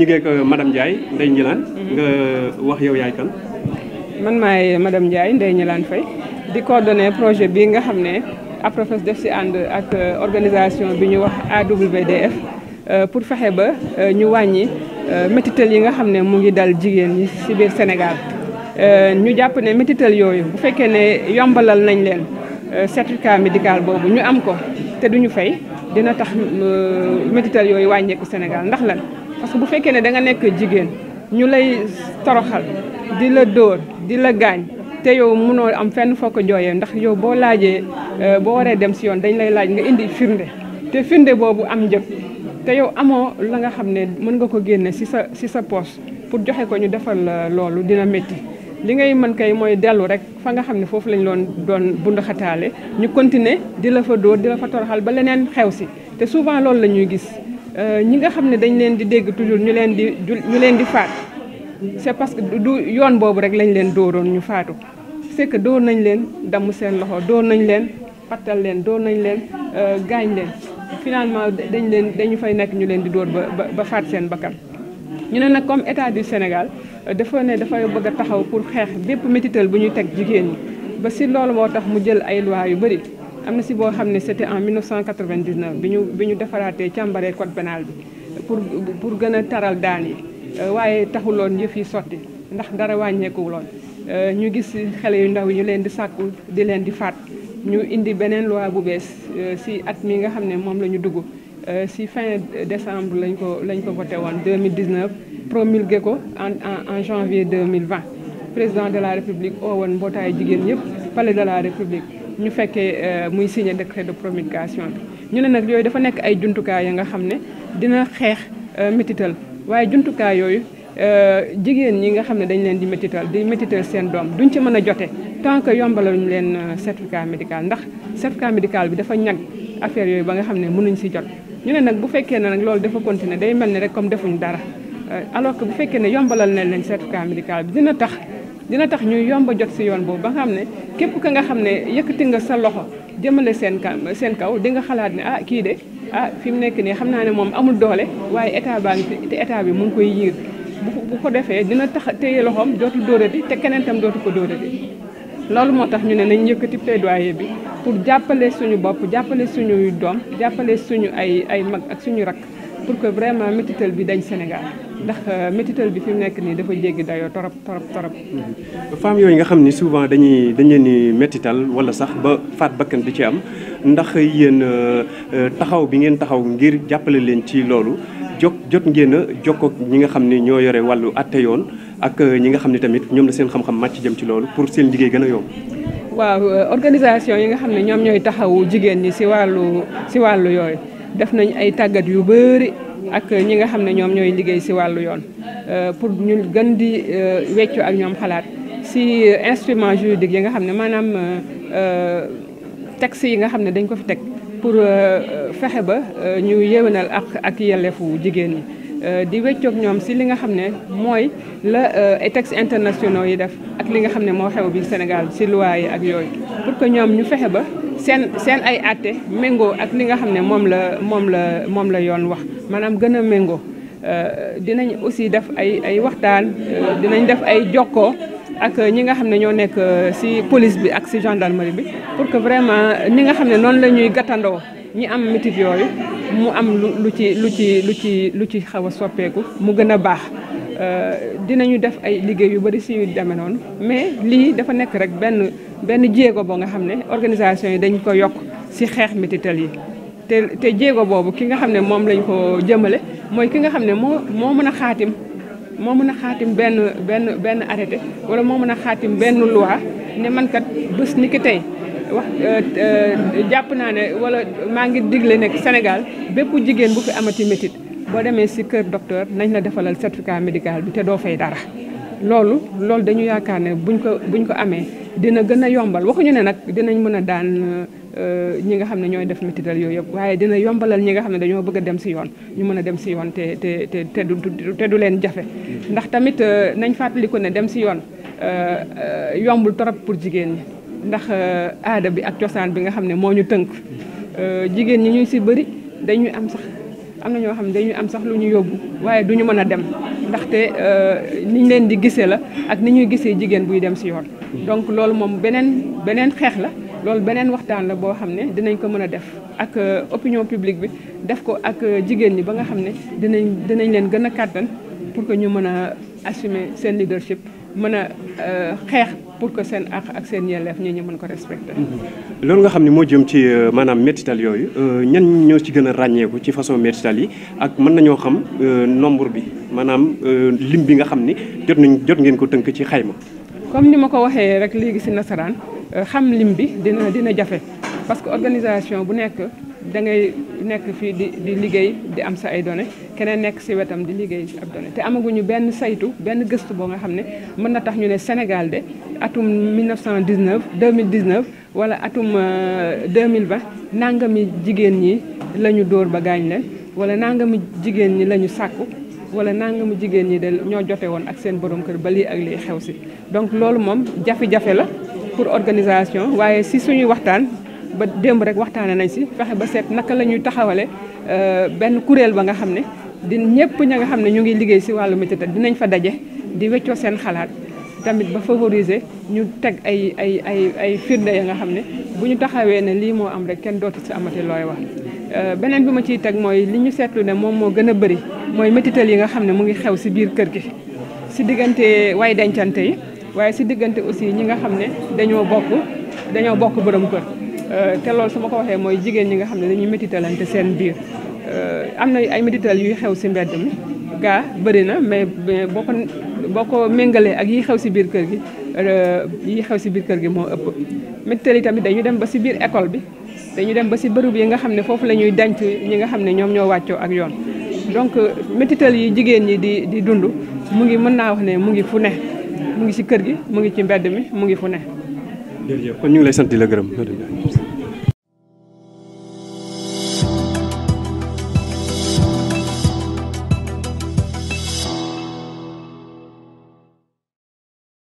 ñu ngi ak euh, madame Ndiaye Ndeye Gnilane mhm. nga euh, wax yow yaay kan. man maay madame Ndiaye Ndeye Gnilane Faye di coordonner projet bi nga xam ne APROFES def si ànd ak euh, organisation bi ñu wax AWDF pour fexe ba ñu wàññi métital yi nga xam ne mu ngi dal jigéen ñi si biir Sénégal ñu jàpp ne métital yooyu bu fekkee ne yombalal nañ leen certificat médical boobu ñu am ko te duñu fay dina tax métital yooyu wàññeeku Sénégal ndax lan. su bu fekkee ne da nga nekk jigéen ñu lay toroxal di la dóor di la gaañ te yow mënoo am fenn foo ko jooyee ndax yow boo laajee euh, boo waree dem si yoon dañ lay laaj nga indi firnde te firnde boobu am njëg te yow amoo la nga xam ne mën nga ko génne si sa si sa poche pour joxe ko ñu defal la loolu dina métti li ngay mën kay mooy dellu rek fa nga xam ne foofu lañu doon doon bundaxataale ñu continuer di la fa dóor di la fa toroxal ba leneen xew si te souvent loolu la ñuy gis Euh, ñi nga xam ne dañ leen di dégg toujours ñu leen di ñu leen di faat c'est parce que du yoon boobu rek lañ leen dóoroon ñu faatu c'est que dóor nañ leen damm seen loxo dóor nañ leen pattal leen dóor nañ leen euh, gaañ leen finalement dañ leen dañu fay nekk ñu leen di dóor ba ba faat seen bakkan ñu ne nag comme état du Sénégal euh, dafa ne dafay bëgg a taxaw pour xeex bépp métital bu ñuy teg jigéen ñi ba si loolu moo tax mu jël ay loi yu bëri am na si boo xam ne c'était en 1999 bi ñu bi ñu defaraatee càmbaree code pénal bi pour pour gën a taral daan yi euh, waaye taxuloon yëf yi sotti ndax dara wàññeekuloon euh, ñu gis xale yu ndaw yi ñu leen di sàkku di leen di faat ñu indi beneen loi bu bees euh, si at mi nga xam ne moom la ñu dugg si fin décembre lañ ko lañ ko voté woon 2019 promulgué ko en en janvier 2020 président de la république oo mbootaayu jigéen yëpp palais de la république. ñu fekkee euh, muy signé décret de promulgation bi ñu ne nag yooyu dafa nekk ay jumtukaay ya nga xam ne dina xeex euh, métital waaye jumtukaay yooyu euh, jigéen ñi nga xam ne dañ leen di métital di métital seen doom duñ ci mën a jote tant que yombalaluñ leen certificat médical ndax certificat médical bi dafa ñag affaire yooyu ba nga xam ne mënuñ si jot ñu ne nag bu fekkee ne nag loolu dafa continuer day mel ni rek comme defuñu dara alors que bu fekkee ne yombalal nañ leen certificat bi dina tax dina tax ñuy yomb jot si yoon boobu ba nga xam ne képp ka nga xam ne yëkkati nga sa loxo jëmale seen ka seen kaw di nga xalaat ne ah kii de ah fi mu nekk nii xam naa ne moom amul doole waaye état baa ngi te état bi mu ngi koy yiir bu ko defee dina tax téye loxoom dootul dóorati te keneentam dootu ko dóorati. loolu moo tax ñu ne nañ yëkkati plaidoyer bi pour jàppale suñu bopp jàppale suñuy doom jàppale suñu ay ay mag ak suñu rakk pour que vraiment métital bi dañ Sénégal. ndax euh, métital bi fi nekk nii dafa jéggi dayoo torop torop torop. femmes yooyu nga xam ni souvent dañuy dañ leen di métital wala sax ba faat bakkan di ci am ndax yéen euh, euh, taxaw bi ngeen taxaw ngir jàppale leen ci loolu jot jot ngeen a jokkoog ñi nga xam ni ñoo yore wàllu àtte yoon ak ñi nga xam ni tamit ñoom la seen xam-xam màcc jëm ci loolu pour seen liggéey gën a yomb. waaw organisation yi nga xam ne ñoom ñooy taxawu jigéen ñi si wàllu si wàllu yooyu def nañ ay tàggat yu bëri. ak ñi nga xam ne ñoom ñooy liggéey ci wàllu yoon euh, pour ñu gën di euh, weccu ak ñoom xalaat ci euh, instrument juridique yi nga xam ne maanaam texte yi nga xam ne dañ ko fi teg pour fexe ba ñu yéwénal ak ak yelleefu jigéen ñi di weccoog ñoom si li nga xam ne mooy la ay textes yi def ak li nga xam ne moo xew bi Sénégal ci loi yi ak yooyu pour que ñoom ñu fexe ba seen seen ay àtte méngoo ak li nga xam ne moom la moom la moom la yoon wax maanaam gën a méngoo euh, dinañ aussi def ay ay waxtaan euh, dinañ def ay jokkoo ak ñi nga xam ne ñoo nekk euh, si police bi ak ci gendarmerie bi pour que vraiment ñi nga xam ne noonu la ñuy gàttandoo ñi am mitit yooyu mu am lu lu ci lu ci lu ci lu ci xaw a soppeeku mu gën a baax dinañu def ay liggéey yu bari ci yu demee noonu mais lii dafa nekk rek benn benn jéego boo nga xam ne organisation yi dañ ko yokk ci xeex mititel yi te te jéego boobu ki nga xam ne moom lañ ko jëmale mooy ki nga xam ne moo moo mën a xaatim moo mën a xaatim benn benn benn arrêté wala moo mën a xaatim benn loi ne mankat bës bés ni ki tey wax euh, euh, jàpp naa ne wala maa ngi digle nekk Sénégal bépp jigéen bu fi amati métit boo demee si kër docteur nañ la defalal certificat médical bi te doo fay dara. loolu loolu dañu yaakaar ne buñ ko buñ ko amee dina gën a yombal waxuñu ne nag dinañ mën a daan. Euh, ñi nga xam ne ñooy def métital yooyu yëpp waaye dina yombalal ñi nga xam ne dañoo bëgg a dem si yoon ñu mën a dem si yoon te te te te du te du leen jafe ndax tamit euh, nañ fàttaliku ne dem si yoon euh, yombul trop pour jigéen ñi ndax aada bi ak cosaan bi nga xam ne moo ñu tënk jigéen ñi ñuy si bëri dañuy am sax am na ñoo xam ne dañuy am sax lu ñu yóbbu waaye du ñu mën a dem ndaxte niñ leen di gisee la ak ni ñuy gisee jigéen buy dem si yoon donc loolu moom beneen beneen xeex la loolu beneen waxtaan la boo xam ne dinañ ko mën a def ak euh, opinion publique bi def ko ak euh, jigéen ñi ba nga xam ne dinañ dinañ leen gën a kàttan pour que ñu mën a assumer seen leadership mën a euh, xeex pour que seen àq ak seen yelleef ñi ñu mën ko respecter. Mm-hmm. loolu nga xam ne moo jëm ci maanaam métital yooyu ñan ñoo ci gën a ràññeeku ci façon métital yi ak mën nañoo xam nombre bi maanaam lim bi nga xam ni jot nañ jot ngeen ko tënk ci xayma. comme ni ma ko waxee rek léegi si nasaraan euh, xam lim bi dina dina jafe parce que organisation bu nekk da ngay nekk fii di di liggéey di am sa ay données keneen nekk si wetam di liggéey ab données te amaguñu benn saytu benn gëstu boo nga xam ne mën na tax ñu ne Sénégal de atum 1919 2019 wala atum 2020 euh, nangami jigéen ñi la ñu dóor ba gaañ leen wala nangami jigéen ñi la ñu sàkku wala nangamu jigéen ñi de ñoo jote woon ak seen boroom kër ba lii ak lii xew si donc loolu moom jafe-jafe la pour organisation waaye si suñuy waxtaan ba démb rek waxtaane nañ si fexe ba seet naka la ñuy taxawale euh, benn kuréel ba nga xam ne di ñëpp ña nga xam ne ñu ngi liggéey si wàllu métier dinañ fa daje di weccoo seen xalaat tamit ba favoriser ñu teg ay ay ay ay firnde ya nga xam ne bu ñu taxawee ne lii moo am rek kenn dootu si amati looy wax Euh, beneen bi ma ciy teg mooy li ñu seetlu ne moom moo gën a bëri mooy métital yi nga xam ne mu ngi xew si biir kër gi si diggante way dencante yi waaye si diggante aussi ñi nga xam ne dañoo bokk dañoo bokk borom kër euh, te loolu su ma ko waxee mooy jigéen ñi nga xam ne dañuy métitalante seen biir euh, am na ay métital yuy xew si mbedd mi gaa bëri na mais boo ko boo ko méngalee ak yi xew si biir kër gi yi xew si biir kër gi moo ëpp métital yi tamit dañu dem ba si biir école bi dañu dem ba si bërëb yi nga xam ne foofu la ñuy denc ñi nga xam ne ñoom ñoo wàccoo ak yoon donc euh, métital yi jigéen ñi di di dund mu ngi mën naa wax ne mu ngi fu ne mu ngi si kër gi mu ngi ci mbedd mi mu ngi fu ne. jërëjëf kon ñu ngi lay sant la gërëm.